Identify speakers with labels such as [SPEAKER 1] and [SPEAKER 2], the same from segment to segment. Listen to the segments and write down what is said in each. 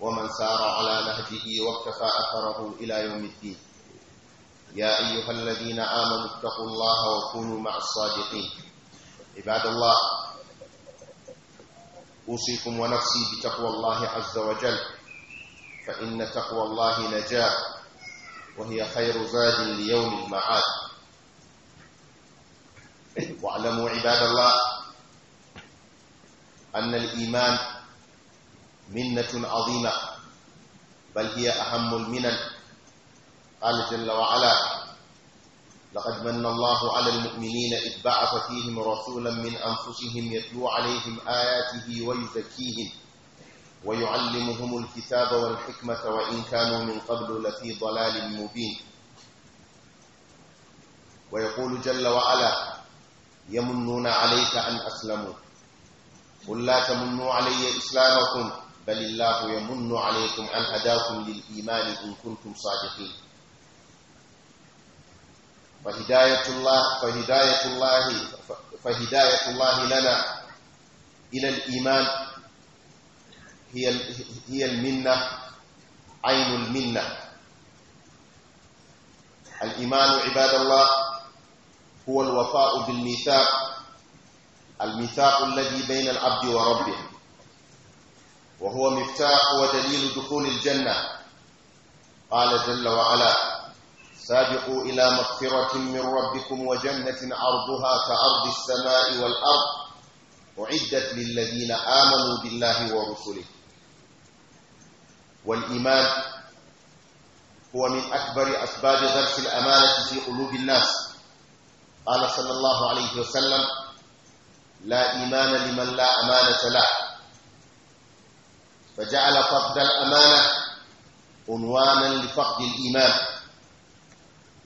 [SPEAKER 1] ومن سار على نهجه واكتفى أثره إلى يوم الدين يا أيها الذين آمنوا اتقوا الله وكونوا مع الصادقين عباد الله أوصيكم ونفسي بتقوى الله عز وجل فإن تقوى الله نجاة وهي خير زاد ليوم المعاد واعلموا عباد الله أن الإيمان منة عظيمة بل هي أهم المنن قال جل وعلا لقد من الله على المؤمنين إذ بعث فيهم رسولا من أنفسهم يتلو عليهم آياته ويزكيهم ويعلمهم الكتاب والحكمة وإن كانوا من قبل لفي ضلال مبين ويقول جل وعلا يمنون عليك أن أسلموا قل لا تمنوا علي إسلامكم بل الله يمن عليكم أن هداكم للإيمان إن كنتم صادقين فهداية الله فهداية الله فهداية الله لنا إلى الإيمان هي هي المنة عين المنة الإيمان عباد الله هو الوفاء بالميثاق الميثاق الذي بين العبد وربه وهو مفتاح ودليل دخول الجنة قال جل وعلا سابقوا إلى مغفرة من ربكم وجنة عرضها كأرض السماء والأرض أعدت للذين آمنوا بالله ورسله والإيمان هو من أكبر أسباب غرس الأمانة في قلوب الناس قال صلى الله عليه وسلم لا إيمان لمن لا أمانة له فجعل فقد الأمانة عنوانا لفقد الإيمان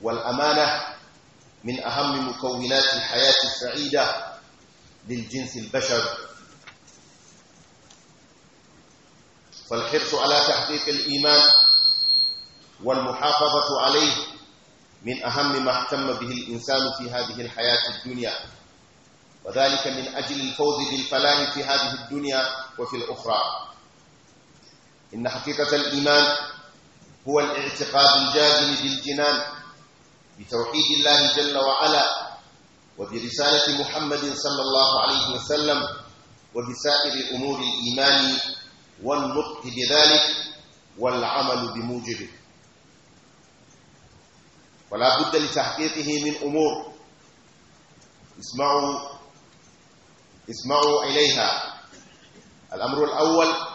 [SPEAKER 1] والأمانة من أهم مكونات الحياة السعيدة للجنس البشر فالحرص على تحقيق الإيمان والمحافظة عليه من أهم ما اهتم به الإنسان في هذه الحياة الدنيا وذلك من أجل الفوز بالفلاح في هذه الدنيا وفي الأخرى إن حقيقة الإيمان هو الاعتقاد الجازم بالجنان بتوحيد الله جل وعلا وبرسالة محمد صلى الله عليه وسلم وبسائر أمور الإيمان والنطق بذلك والعمل بموجبه ولا بد لتحقيقه من أمور اسمعوا اسمعوا إليها الأمر الأول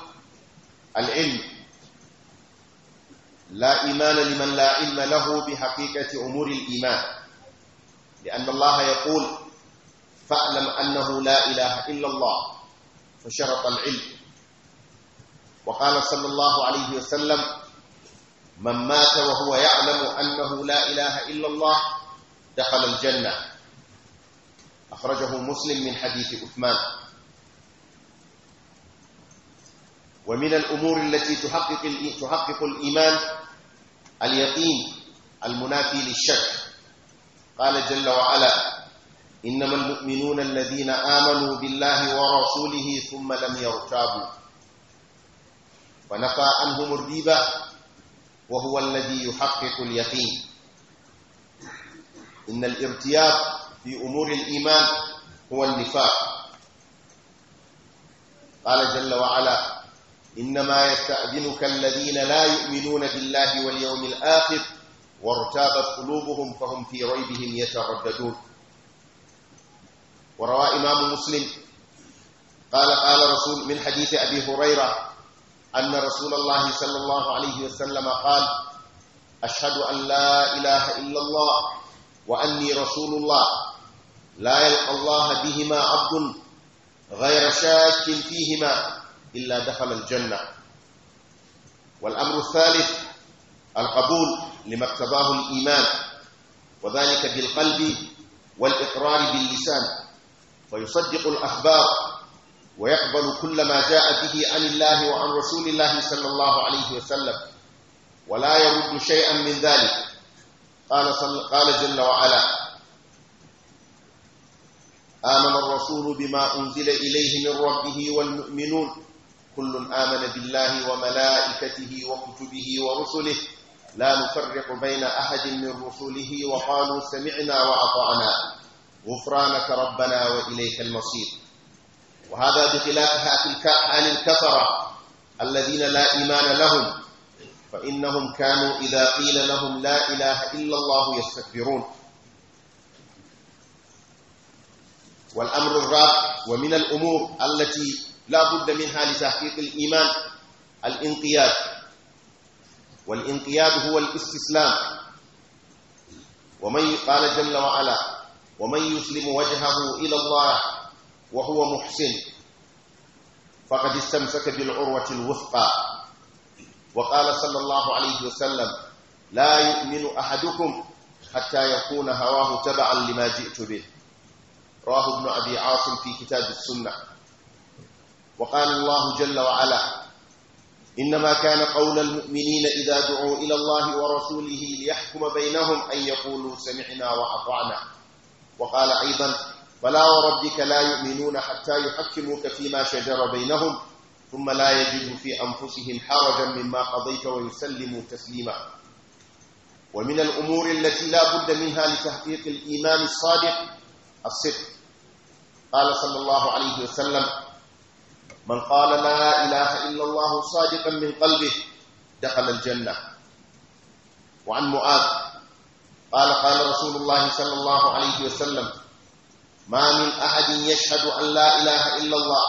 [SPEAKER 1] العلم لا إيمان لمن لا علم له بحقيقة أمور الإيمان لأن الله يقول فاعلم أنه لا إله إلا الله فشرط العلم وقال صلى الله عليه وسلم من مات وهو يعلم أنه لا إله إلا الله دخل الجنة أخرجه مسلم من حديث أثمان ومن الأمور التي تحقق تحقق الإيمان اليقين المنافي للشك قال جل وعلا إنما المؤمنون الذين آمنوا بالله ورسوله ثم لم يرتابوا ونفى عنهم الريبة وهو الذي يحقق اليقين إن الارتياب في أمور الإيمان هو النفاق قال جل وعلا إنما يستأذنك الذين لا يؤمنون بالله واليوم الآخر وارتابت قلوبهم فهم في ريبهم يترددون وروى إمام مسلم قال قال رسول من حديث أبي هريرة أن رسول الله صلى الله عليه وسلم قال أشهد أن لا إله إلا الله وأني رسول الله لا يلقى الله بهما عبد غير شاك فيهما إلا دخل الجنة والأمر الثالث القبول لما اقتضاه الإيمان وذلك بالقلب والإقرار باللسان فيصدق الأخبار ويقبل كل ما جاء به عن الله وعن رسول الله صلى الله عليه وسلم ولا يرد شيئا من ذلك قال, صل... قال جل وعلا آمن الرسول بما أنزل إليه من ربه والمؤمنون كل آمن بالله وملائكته وكتبه ورسله لا نفرق بين أحد من رسله وقالوا سمعنا وأطعنا غفرانك ربنا وإليك المصير وهذا بخلاف عن الكفرة الذين لا إيمان لهم فإنهم كانوا إذا قيل لهم لا إله إلا الله يستكبرون والأمر الرابع ومن الأمور التي لا بد منها لتحقيق الإيمان الانقياد والانقياد هو الاستسلام ومن قال جل وعلا ومن يسلم وجهه إلى الله وهو محسن فقد استمسك بالعروة الوثقى وقال صلى الله عليه وسلم لا يؤمن أحدكم حتى يكون هواه تبعا لما جئت به رواه ابن أبي عاصم في كتاب السنة وقال الله جل وعلا إنما كان قول المؤمنين إذا دعوا إلى الله ورسوله ليحكم بينهم أن يقولوا سمعنا وأطعنا وقال أيضا فلا وربك لا يؤمنون حتى يحكموك فيما شجر بينهم ثم لا يجدوا في أنفسهم حرجا مما قضيت ويسلموا تسليما ومن الأمور التي لا بد منها لتحقيق الإيمان الصادق الصدق قال صلى الله عليه وسلم من قال لا إله إلا الله صادقا من قلبه دخل الجنة وعن معاذ قال قال رسول الله صلى الله عليه وسلم ما من أحد يشهد أن لا إله إلا الله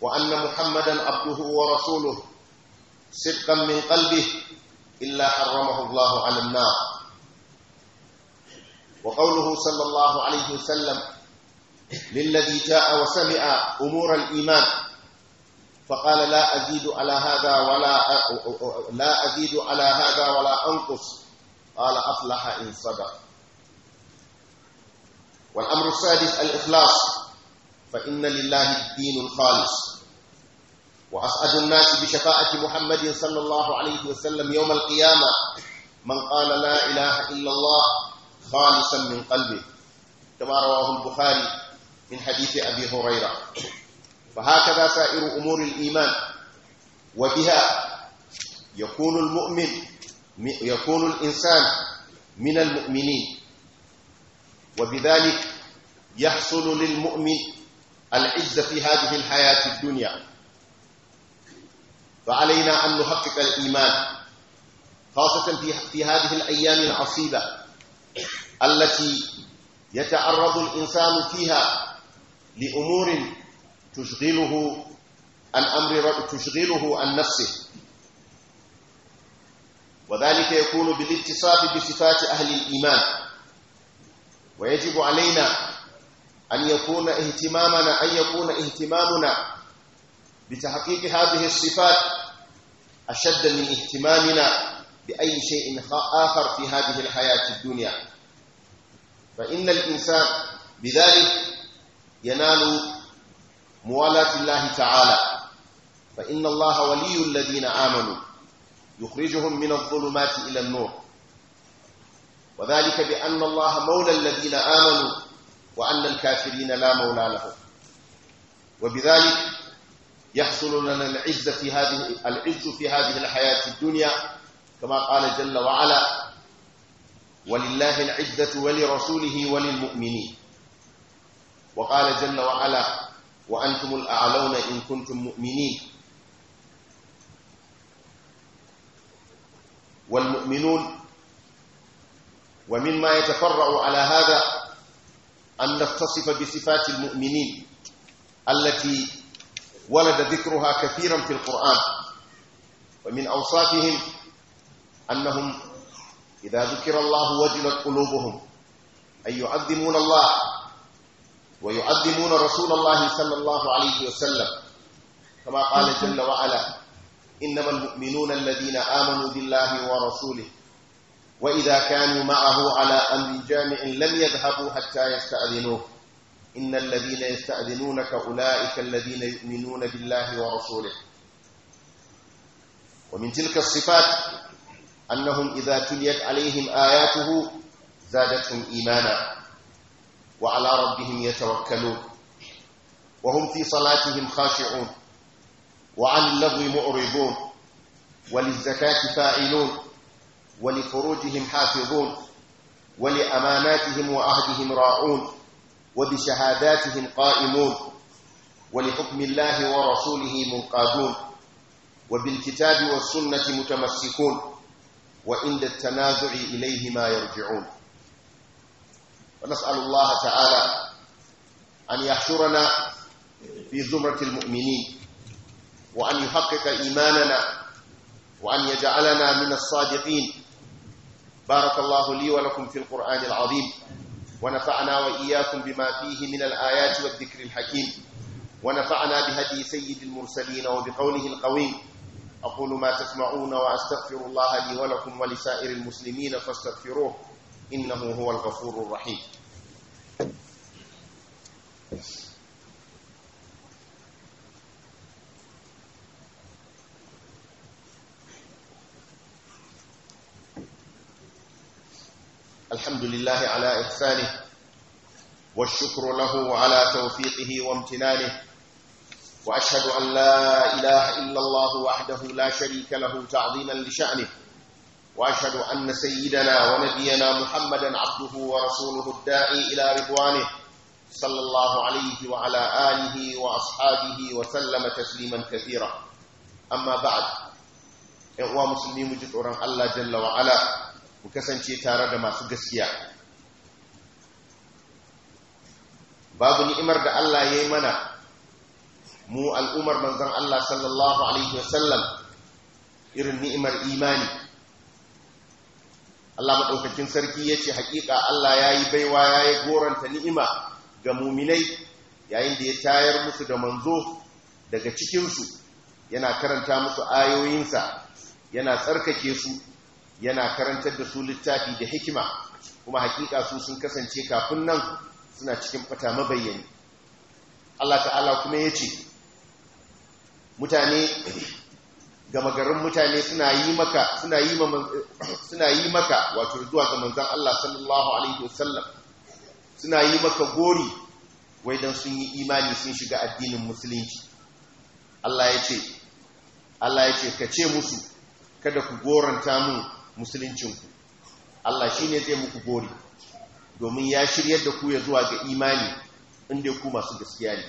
[SPEAKER 1] وأن محمدا عبده ورسوله صدقا من قلبه إلا حرمه الله على النار وقوله صلى الله عليه وسلم للذي جاء وسمع أمور الإيمان فقال لا أزيد على هذا ولا لا أزيد على هذا ولا أنقص قال أفلح إن صدق والأمر السادس الإخلاص فإن لله الدين الخالص وأسعد الناس بشفاعة محمد صلى الله عليه وسلم يوم القيامة من قال لا إله إلا الله خالصا من قلبه كما رواه البخاري من حديث أبي هريرة فهكذا سائر أمور الإيمان وبها يكون المؤمن يكون الإنسان من المؤمنين وبذلك يحصل للمؤمن العزة في هذه الحياة الدنيا فعلينا أن نحقق الإيمان خاصة في, في هذه الأيام العصيبة التي يتعرض الإنسان فيها لأمور تشغله عن أمر تشغله عن نفسه وذلك يكون بالاتصاف بصفات أهل الإيمان ويجب علينا أن يكون اهتمامنا أن يكون اهتمامنا بتحقيق هذه الصفات أشد من اهتمامنا بأي شيء آخر في هذه الحياة الدنيا فإن الإنسان بذلك ينال موالاة الله تعالى فإن الله ولي الذين آمنوا يخرجهم من الظلمات إلى النور وذلك بأن الله مولى الذين آمنوا وأن الكافرين لا مولى لهم وبذلك يحصل لنا العز في هذه العز في هذه الحياة الدنيا كما قال جل وعلا ولله العزة ولرسوله وللمؤمنين وقال جل وعلا وأنتم الأعلون إن كنتم مؤمنين والمؤمنون ومما يتفرع على هذا أن نختصف بصفات المؤمنين التي ولد ذكرها كثيرا في القرآن ومن أوصافهم أنهم إذا ذكر الله وجلت قلوبهم أن يعظمون الله ويعظمون رسول الله صلى الله عليه وسلم كما قال جل وعلا إنما المؤمنون الذين آمنوا بالله ورسوله وإذا كانوا معه على أمر جامع لم يذهبوا حتى يستأذنوه إن الذين يستأذنونك أولئك الذين يؤمنون بالله ورسوله ومن تلك الصفات أنهم إذا تليت عليهم آياته زادتهم إيمانا وعلى ربهم يتوكلون وهم في صلاتهم خاشعون وعن اللغو معرضون وللزكاة فاعلون ولفروجهم حافظون ولأماناتهم وعهدهم راعون وبشهاداتهم قائمون ولحكم الله ورسوله منقادون وبالكتاب والسنة متمسكون وعند التنازع إليه ما يرجعون ونسأل الله تعالى أن يحشرنا في زمرة المؤمنين وأن يحقق إيماننا وأن يجعلنا من الصادقين بارك الله لي ولكم في القرآن العظيم ونفعنا وإياكم بما فيه من الآيات والذكر الحكيم ونفعنا بهدي سيد المرسلين وبقوله القويم أقول ما تسمعون وأستغفر الله لي ولكم ولسائر المسلمين فاستغفروه إنه هو الغفور الرحيم الحمد لله على إحسانه والشكر له على توفيقه وامتنانه وأشهد أن لا إله إلا الله وحده لا شريك له تعظيما لشأنه وأشهد أن سيدنا ونبينا محمدا عبده ورسوله الداعي إلى رضوانه صلى الله عليه وعلى آله وأصحابه وسلم تسليما كثيرا أما بعد إخوة مسلمين جدوران الله جل وعلا وكسن شيء تارد ما سقسيا باب نئمر دا الله يمنى مو الأمر من ذن الله صلى الله عليه وسلم إرن نئمر إيماني Allah maɗaukakin sarki ya ce haƙiƙa Allah ya yi baiwa ya yi goranta ni'ima ga muminai yayin da ya tayar musu da manzo daga cikinsu yana karanta musu ayoyinsa yana tsarkake su yana karantar da su littafi da hikima kuma haƙiƙa su sun kasance kafin nan suna cikin fata mabayyani Allah ta'ala kuma ya ce mutane gama garin mutane suna yi maka suna yi ma suna yi maka wato zuwa ga manzon Allah sallallahu alaihi wasallam suna yi maka gori wai dan sun yi imani sun shiga addinin musulunci Allah ya ce Allah ya ce ka ce musu kada ku goranta mu musuluncinku Allah shine zai muku gori domin ya shiryar da ku ya zuwa ga imani inda ku masu gaskiya ne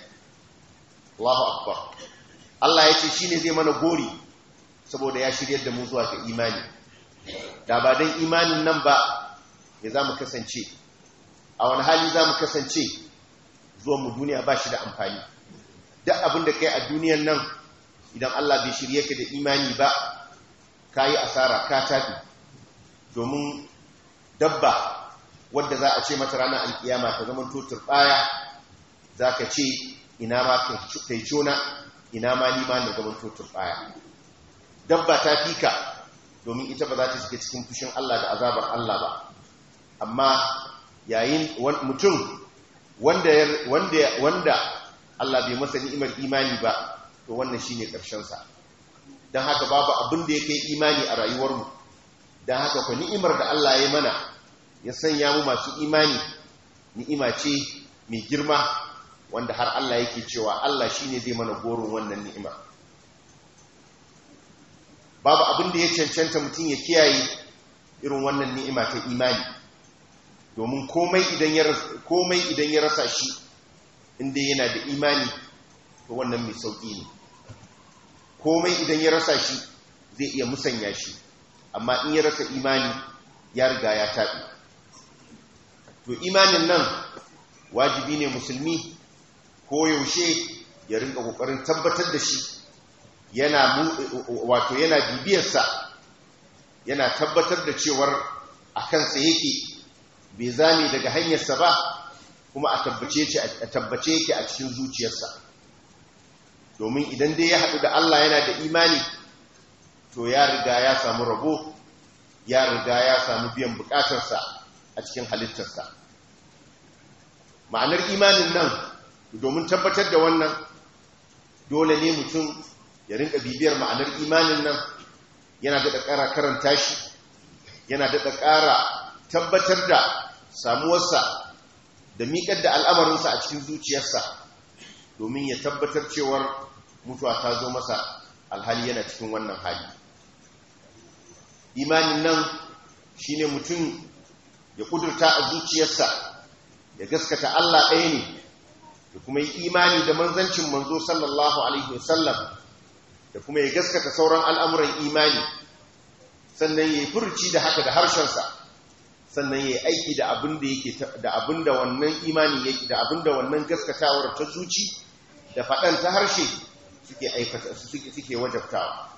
[SPEAKER 1] Allahu akbar Allah ya ce shine zai mana gori saboda ya shirya da mu zuwa ga imani da ba don imanin nan ba ya za mu kasance a wani hali za mu kasance zuwa mu duniya ba shi da amfani duk abin da kai a duniyan nan idan Allah bai shirya ka da imani ba ka yi asara ka tafi domin dabba wadda za a ce mata ranar alkiyama ta zama tutur baya za ka ce ina ma kai cona ina ma nima na zama tutur baya dabba ta fi ka domin ita ba za ta shiga cikin fushin Allah da azabar Allah ba amma yayin mutum wanda Allah bai masa ni'imar imani ba to wannan shine karshen sa don haka babu abin da ya kai imani a rayuwarmu, don haka ko ni'imar da Allah ya mana ya sanya mu masu imani ni'ima ce mai girma wanda har Allah yake cewa Allah shi ne zai mana goron wannan ni'imar. babu abin da ya cancanta mutum ya kiyaye irin wannan ni'ima ta imani domin komai idan ya rasa shi inda yana da imani ta wannan mai sauƙi ne komai idan ya rasa shi zai iya musanya shi amma in ya rasa imani ya riga ya taɓi to imanin nan wajibi ne musulmi koyaushe ya rinka ƙoƙarin tabbatar da shi yana wato yana bibiyarsa yana tabbatar da cewar a kansa yake bai zane daga hanyarsa ba kuma a tabbace yake a cikin zuciyarsa domin idan dai ya haɗu da Allah yana da imani to ya riga ya samu rabo ya riga ya samu biyan bukatarsa a cikin halittarsa ma'anar imanin nan domin tabbatar da wannan dole ne mutum ya rinka bibiyar ma'anar imanin nan yana daɗa ƙara karanta shi yana daɗa ƙara tabbatar da samuwarsa da miƙar da al'amarinsa a cikin zuciyarsa domin ya tabbatar cewar mutuwa ta zo masa alhali yana cikin wannan hali imanin nan shi ne mutum ya ƙudurta a zuciyarsa ya gaskata Allah ɗaya ne da kuma yi imani da manzancin manzo sallallahu alaihi wasallam da kuma ya gaskata sauran al'amuran imani sannan ya yi furci da haka da harshensa sannan ya yi aiki da abin da yake da abin da wannan imani yake da abin da wannan gaskatawar ta zuci da faɗan ta harshe suke aikata suke suke wajabtawa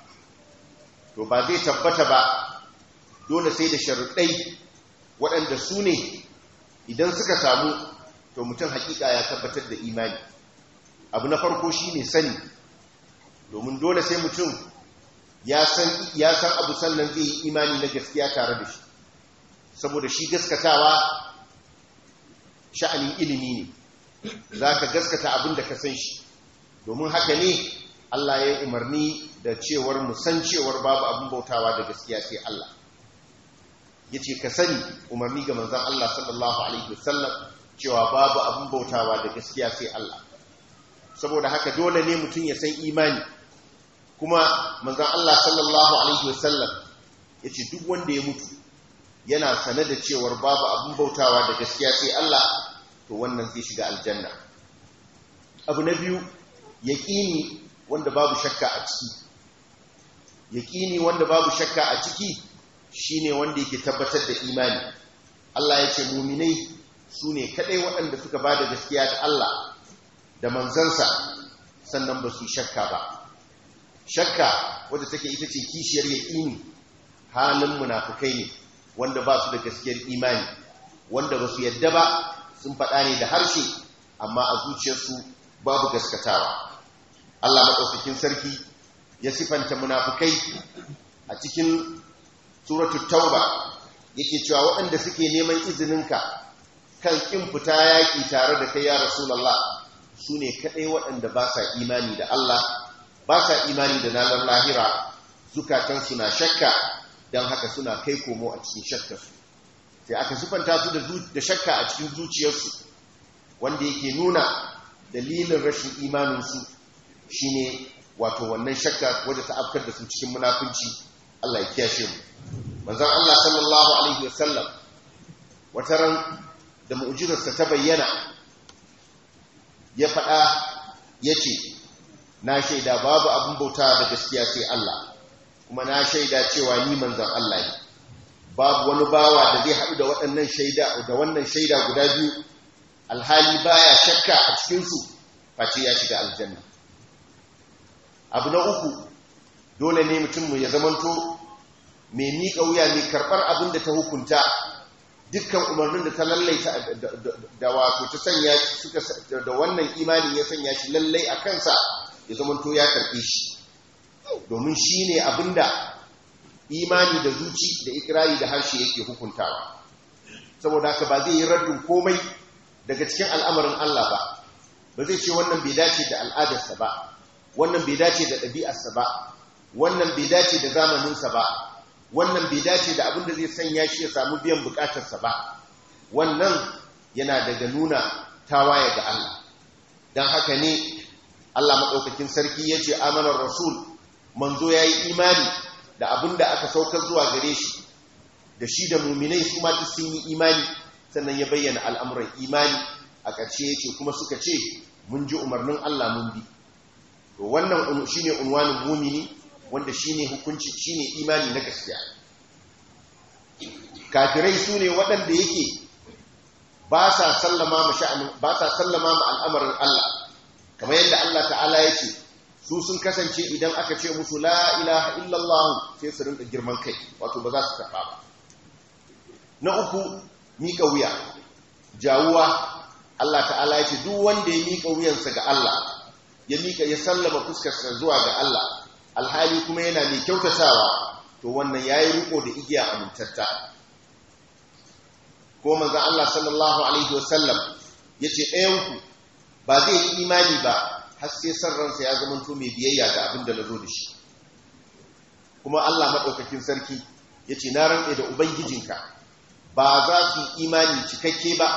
[SPEAKER 1] to ba zai tabbata ba dole sai da sharuɗai waɗanda su ne idan suka samu to mutum hakika ya tabbatar da imani abu na farko shine sani domin dole sai mutum ya san abu sannan zai yi imani na gaskiya tare da shi saboda shi gaskatawa sha'anin ilimi ne za ka gaskata abin da ka san shi domin haka ne Allah ya umarni da cewar musan cewar babu abin bautawa da gaskiya sai Allah ya ce ka sani umarni ga manzan Allah sallallahu Alaihi wasallam cewa babu abin bautawa da gaskiya sai Allah saboda haka dole ne mutum ya san imani kuma manzon Allah sallallahu alaihi wasallam ce duk wanda ya mutu yana sane da cewar babu abin bautawa da gaskiya sai Allah to wannan zai shiga aljanna abu na biyu yaqini wanda babu shakka a ciki wanda babu shakka a ciki shine wanda yake tabbatar da imani Allah ya ce mu'minai su ne kaɗai waɗanda suka ba da gaskiya da Allah da manzansa sannan ba su shakka ba shakka wadda take ita ce kishiyar yaƙini halin munafukai ne wanda ba su da gaskiyar imani wanda ba su yadda ba sun faɗa ne da harshe amma a zuciyarsu babu gaskatawa Allah maɗaukakin sarki ya sifanta munafukai a cikin suratul tauba yake cewa waɗanda suke neman izininka kan ƙin fita yaƙi tare da kai ya rasulallah su ne kaɗai waɗanda ba sa imani da Allah ba sa imani da nanar lahira zukatansu na shakka don haka suna kai komo a cikin shakkarsu sai aka sifanta su da shakka a cikin zuciyarsu wanda yake nuna dalilin rashin imaninsu shine wato wannan shakka wadda ta afkar da su cikin munafunci Allah ya kyashe mu manzan Allah sallallahu alaihi wasallam ran da mu'jizarsa ta bayyana ya faɗa ce. na shaida babu abin bauta da gaskiya sai Allah kuma na shaida cewa ni manzon Allah ne babu wani bawa da zai haɗu da waɗannan shaida da wannan shaida guda biyu alhali baya shakka a cikin su face ya shiga aljanna abu na uku dole ne mutum ya zamanto mai miƙa wuya ne karɓar abin da ta hukunta dukkan umarnin da ta lallaita da wato ta sanya suka da wannan imanin ya sanya shi lallai a kansa ya zamanto ya karɓe shi domin shi ne abinda imani da zuci da ikirari da harshe yake hukuntawa saboda haka ba zai yi raddin komai daga cikin al'amarin Allah ba ba zai ce wannan bai dace da al'adarsa ba wannan bai dace da ɗabi'arsa ba wannan bai dace da zamaninsa ba wannan bai dace da abin da zai sanya shi ya samu biyan bukatarsa ba wannan yana daga nuna tawaye ga Allah don haka ne Allah maɗaukakin sarki ya ce amanar rasul manzo ya yi imani da abin da aka saukar zuwa gare shi da shi da muminai su ma sun yi imani sannan ya bayyana al'amuran imani a ƙarshe ya ce kuma suka ce mun ji umarnin Allah mun bi wannan shi ne unwanin mumini wanda shi ne hukunci shi ne imani na gaskiya kafirai su ne waɗanda yake ba sa sallama ma al'amarin Allah kamar yadda Allah ta'ala ya ce su sun kasance idan aka ce musu la ilaha illallah sai su rinda girman kai wato ba za su karɓa ba na uku miƙa wuya jawuwa Allah ta'ala ya ce duk wanda ya miƙa wuyansa ga Allah ya miƙa ya sallama fuskarsa zuwa ga Allah alhali kuma yana mai kyautatawa to wannan ya yi riko da igiya a amintatta ko manzon Allah sallallahu alaihi wasallam yace ɗayan ku ba zai yi imani ba har sai san ransa ya zama to mai biyayya ga abin da zo da shi kuma Allah madaukakin sarki ya ce na rantsa da ubangijinka ba za su imani cikakke ba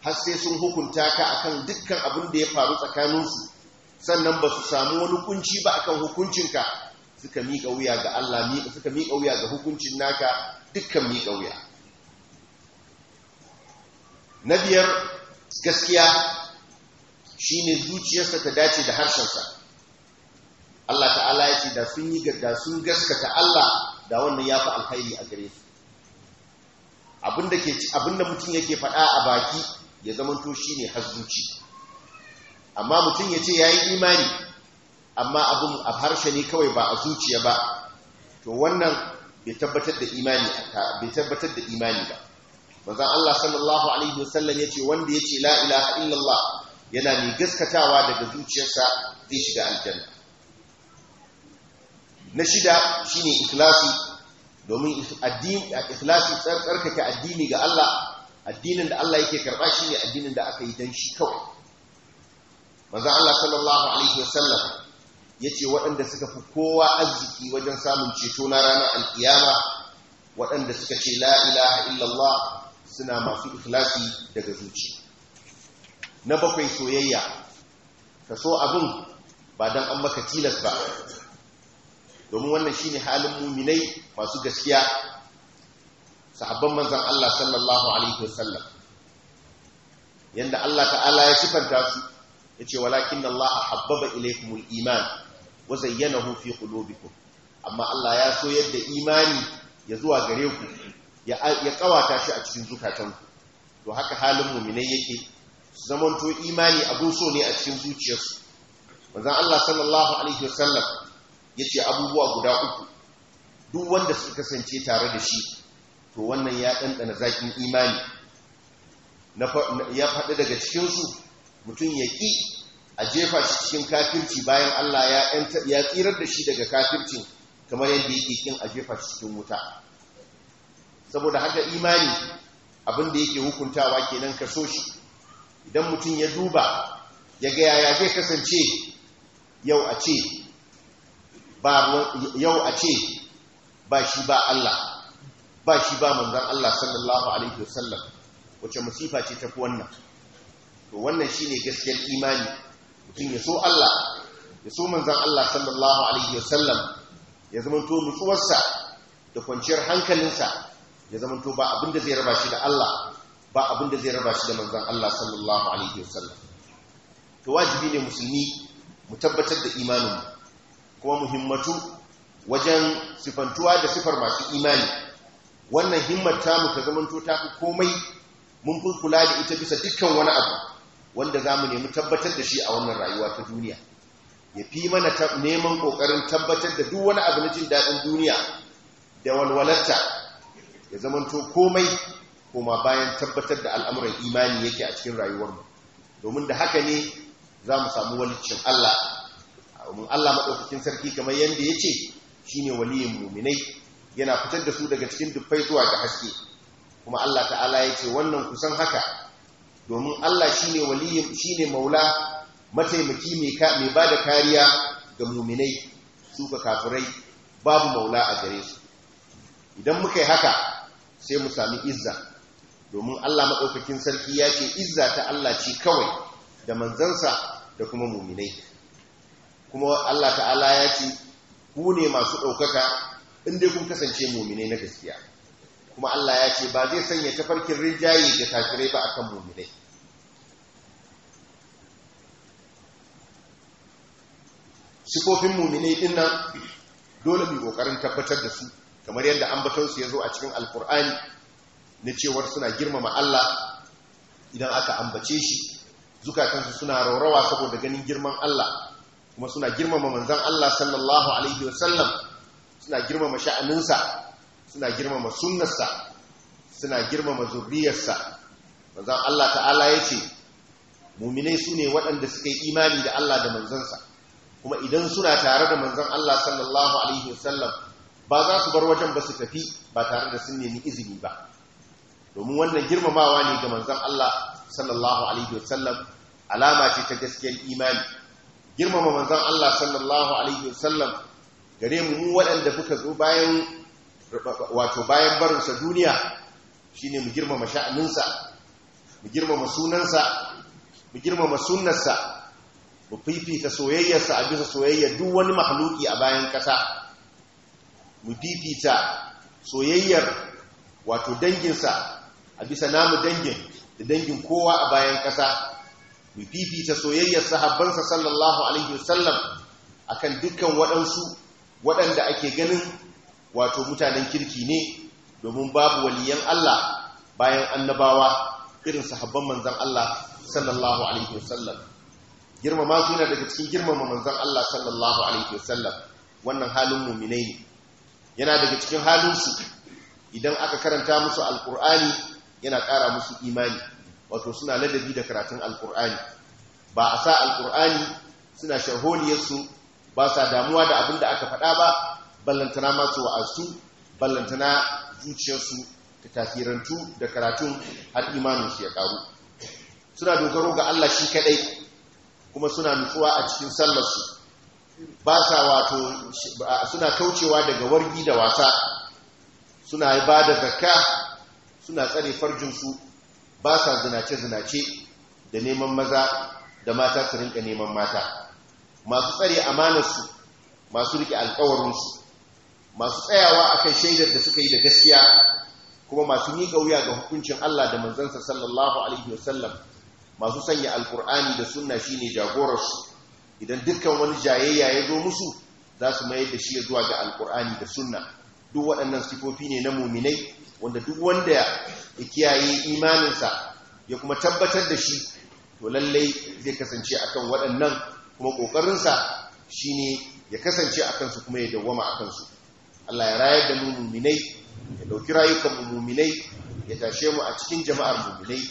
[SPEAKER 1] har sai sun hukunta ka akan dukkan abin da ya faru tsakaninsu sannan ba su samu wani kunci ba akan hukuncinka suka miƙa wuya ga Allah suka miƙa wuya ga hukuncin naka dukkan miƙa wuya na biyar gaskiya Shi ne zuciyarsa ta dace da harshensa Allah ta'ala ya ce da sun yi da sun gaskata Allah da wannan ya fi alkhairi a gare su abinda mutum yake faɗa a baki ya zamanto har zuci. amma mutum ya ce ya yi imani amma abin a harshe ne kawai ba a zuciya ba to wannan bai tabbatar da imani ba manzon Allah sallallahu alaihi wasallam ce wanda ya la ilaha illallah yana mai gaskatawa daga zuciyarsa zai shiga aljanna na shida shine ikhlasi domin addini ikhlasi tsarkake addini ga Allah addinin da Allah yake karba shine addinin da aka yi dan shi kawai manzo Allah sallallahu alaihi wasallam yace waɗanda suka fi kowa arziki wajen samun ceto na ranar alkiyama waɗanda suka ce la ilaha illallah suna masu ikhlasi daga zuciya na bakwai soyayya ka so abin ba don an maka tilas ba domin wannan shi ne halin muminai masu gaskiya sahabban manzan Allah sallallahu alaihi wasallam yadda Allah ta'ala ya sifanta su yace walakin Allah habbaba ilaikumul iman wa zayyanahu hufi qulubikum amma Allah ya so yadda imani ya zuwa gare ku ya kawata shi a cikin zukatanku to haka halin muminai yake zamanto imani abu so ne a cikin zuciyarsu wanzan Allah sallallahu alaihi wasallam ce abubuwa guda uku duk wanda suka kasance tare da shi to wannan ya ɗanɗana zakin imani ya faɗi daga cikinsu mutum ya ƙi a jefa shi cikin kafirci bayan Allah ya tsirar da shi daga kafircin kamar yadda yake ƙin a jefa shi cikin wuta saboda haka imani abin da yake hukuntawa kenan ka so shi idan mutum ya duba ya ga yaya zai kasance yau a ce ba yau a ce ba shi ba Allah ba shi ba manzon Allah sallallahu alaihi wasallam wace musifa ce ta wannan to wannan shine gaskiyar imani mutum ya so Allah ya so manzon Allah sallallahu alaihi wasallam ya zamanto nutsuwarsa da kwanciyar hankalinsa ya zamanto ba abinda zai raba shi da Allah ba abin da zai raba shi da manzan, Allah sallallahu alaihi wasallam to wajibi ne musulmi mu tabbatar da imanin kuma muhimmatu wajen sifantuwa da sifar masu imani wannan himmata mu ta zamanto ta fi komai mun kula da ita bisa dukkan wani abu wanda za mu nemi tabbatar da shi a wannan rayuwa ta duniya ya fi mana neman ƙoƙarin tabbatar da duk wani abu na jin daɗin duniya da walwalarta ya zamanto komai koma bayan tabbatar da al'amuran imani yake a cikin rayuwarmu domin da haka ne za mu samu walicin Allah domin Allah maɗaukakin sarki kamar yadda ya ce shi ne waliyin muminai yana fitar da su daga cikin dufai zuwa ga haske kuma Allah ta'ala ya ce wannan kusan haka domin Allah shi ne waliyin shi ne maula mataimaki mai ba da kariya ga muminai su ka kafirai babu maula a gare su idan muka yi haka sai mu sami izza domin Allah maɗaukakin sarki ya ce izza ta Allah ce kawai da manzansa da kuma muminai kuma Allah ta'ala ya ce ku ne masu ɗaukaka inda kun kasance muminai na gaskiya kuma Allah ya ce ba zai sanya tafarkin rijayi da tafirai ba akan muminai sifofin muminai din nan dole mai ƙoƙarin tabbatar da su kamar yadda ambaton ya zo a cikin alkur'ani na cewar suna girmama Allah idan aka ambace shi zukatansu suna raurawa saboda ganin girman Allah kuma suna girmama manzan Allah sallallahu alaihi wasallam suna girmama sha'aninsa suna girmama sunnarsa suna girmama zurriyarsa manzan Allah ta'ala ya ce muminai su ne waɗanda suka yi imani da Allah da manzansa kuma idan suna tare da manzan Allah sallallahu alaihi wasallam ba za su bar wajen ba su tafi ba tare da sun nemi izini ba domin wannan girmamawa ne ga manzon Allah sallallahu alaihi wasallam alama ce ta gaskiyar imani girmama manzon Allah sallallahu alaihi wasallam gare mu waɗanda kuka zo bayan wato bayan barinsa duniya shine mu girmama sha'aninsa mu girmama sunansa mu girmama sunnarsa mu fifita soyayyarsa a bisa soyayyar duk wani mahaluki a bayan ƙasa mu fifita soyayyar wato danginsa a bisa namu dangin da dangin kowa a bayan ƙasa mu fifita soyayyar sahabbansa sallallahu alaihi wasallam akan dukkan waɗansu waɗanda ake ganin wato mutanen kirki ne domin babu waliyan Allah bayan annabawa irin sahabban manzan Allah sallallahu alaihi wasallam girmama su yana daga cikin girmama manzan Allah sallallahu alaihi wasallam wannan halin mu'minai ne yana daga cikin halin su idan aka karanta musu alkur'ani yana ƙara musu imani wato suna ladabi da karatun alkur'ani ba a sa alkur'ani suna sharholiyarsu ba sa damuwa da abin da aka faɗa ba ballantana masu wa'azu ballantana zuciyarsu ta tasirantu da karatun har imaninsu ya ƙaru suna dogaro ga Allah shi kaɗai kuma suna nutsuwa a cikin sallarsu ba sa wato suna kaucewa daga wargi da wasa suna ba da zakka suna tsare farjinsu ba sa zinace-zinace da neman maza da mata su rinka neman mata masu tsare amanarsu masu rike alkawarinsu masu tsayawa a kan shaidar da suka yi da gaskiya kuma masu miƙa wuya ga hukuncin Allah da manzansa sallallahu alaihi wasallam masu sanya alkur'ani da sunna shine jagorarsu idan dukkan wani jayayya ya zo musu za su mayar da shi ya zuwa ga alkur'ani da sunna duk waɗannan sifofi ne na muminai wanda duk wanda ya kiyaye imaninsa ya kuma tabbatar da shi to lallai zai kasance akan waɗannan kuma ƙoƙarinsa shi ne ya kasance a kansu kuma ya dawwama a kansu Allah ya rayar da mu muminai ya ɗauki rayukan mu muminai ya tashe mu a cikin jama'ar muminai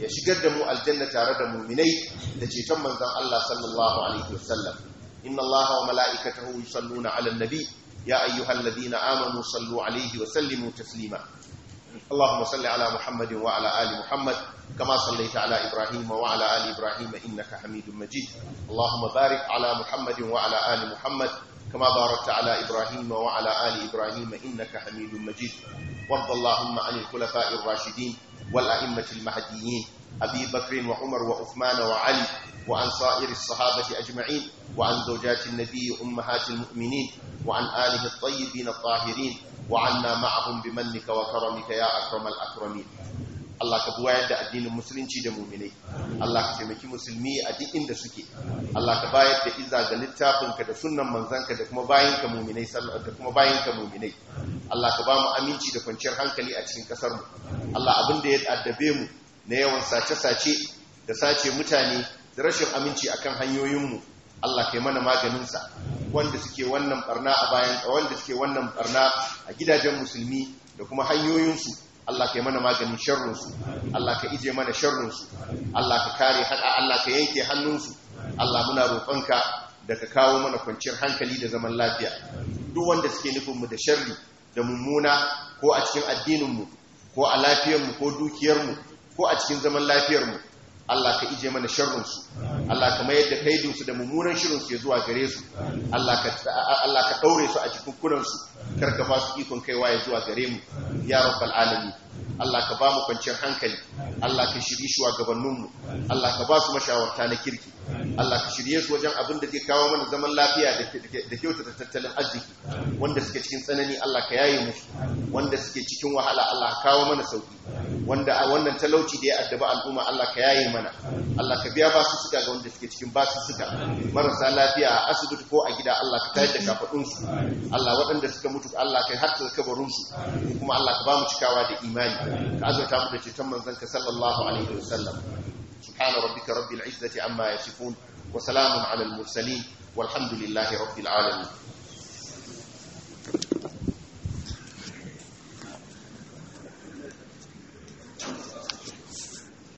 [SPEAKER 1] ya shigar da mu aljanna tare da muminai da ceton manzon Allah sallallahu alaihi wasallam inna Allah wa mala'ikatahu yusalluna 'alan nabi ya ayyuhalladhina amanu sallu alaihi wa sallimu taslima اللهم صل على محمد وعلى آل محمد كما صليت على إبراهيم وعلى آل إبراهيم إنك حميد مجيد اللهم بارك على محمد وعلى آل محمد كما باركت على إبراهيم وعلى آل إبراهيم إنك حميد مجيد وارض اللهم عن الخلفاء الراشدين والأئمة المهديين أبي بكر وعمر وعثمان وعلي وعن صائر الصحابة أجمعين وعن زوجات النبي أمهات المؤمنين وعن آله الطيبين الطاهرين وعنا معهم بمنك وكرمك يا أكرم الأكرمين Allah ka buwa yadda addinin musulunci da muminai Allah ka taimaki musulmi a duk inda suke Allah ka bayar da iza ga littafinka da sunan manzanka da kuma bayanka muminai da kuma bayanka muminai Allah ka ba mu aminci da kwanciyar hankali a cikin kasar mu Allah abin da ya addabe mu na yawan sace-sace da sace mutane da rashin aminci akan hanyoyinmu Allah kai mana maganinsa wanda suke wannan barna a bayan wanda suke wannan barna a gidajen musulmi da kuma hanyoyinsu Allah ka yi mana maganin sharrinsu, Allah ka ije mana sharrinsu, Allah ka kare haɗa, Allah ka yanke hannunsu, Allah muna roƙonka da ka kawo mana kwanciyar hankali da zaman lafiya. Duk wanda suke nufinmu da sharri da mummuna ko a cikin addininmu ko a lafiyarmu ko dukiyarmu ko a cikin zaman lafiyarmu Allah ka ije mana sharrinsu Allah ka mayar da kaidinsu da mummunan shirinsu ya zuwa gare su Allah ka ɗaure su a cikin kunansu ba su ikon kaiwa ya zuwa gare mu ya rabbal alamin Allah ka ba mu kwanciyar hankali Allah ka shiri gabanninmu, Allah ka ba su mashawarta na kirki Allah ka shirye su wajen abin da ke kawo mana zaman lafiya da kyautata tattalin arziki wanda suke cikin tsanani Allah ka yaye musu wanda suke cikin wahala Allah ka kawo mana sauki wanda a wannan talauci da ya addaba al'umma Allah ka yaye mana Allah ka biya basu suka ga wanda suke cikin basu suka marasa lafiya a asibiti ko a gida Allah ka tayar da kafadun su Allah waɗanda suka mutu Allah ka har ta kabarin su kuma Allah ka ba mu cikawa da imani ka azurta mu da cetan manzon ka sallallahu alaihi wasallam سبحان ربك رب العزة عما يصفون وسلام على المرسلين والحمد لله رب العالمين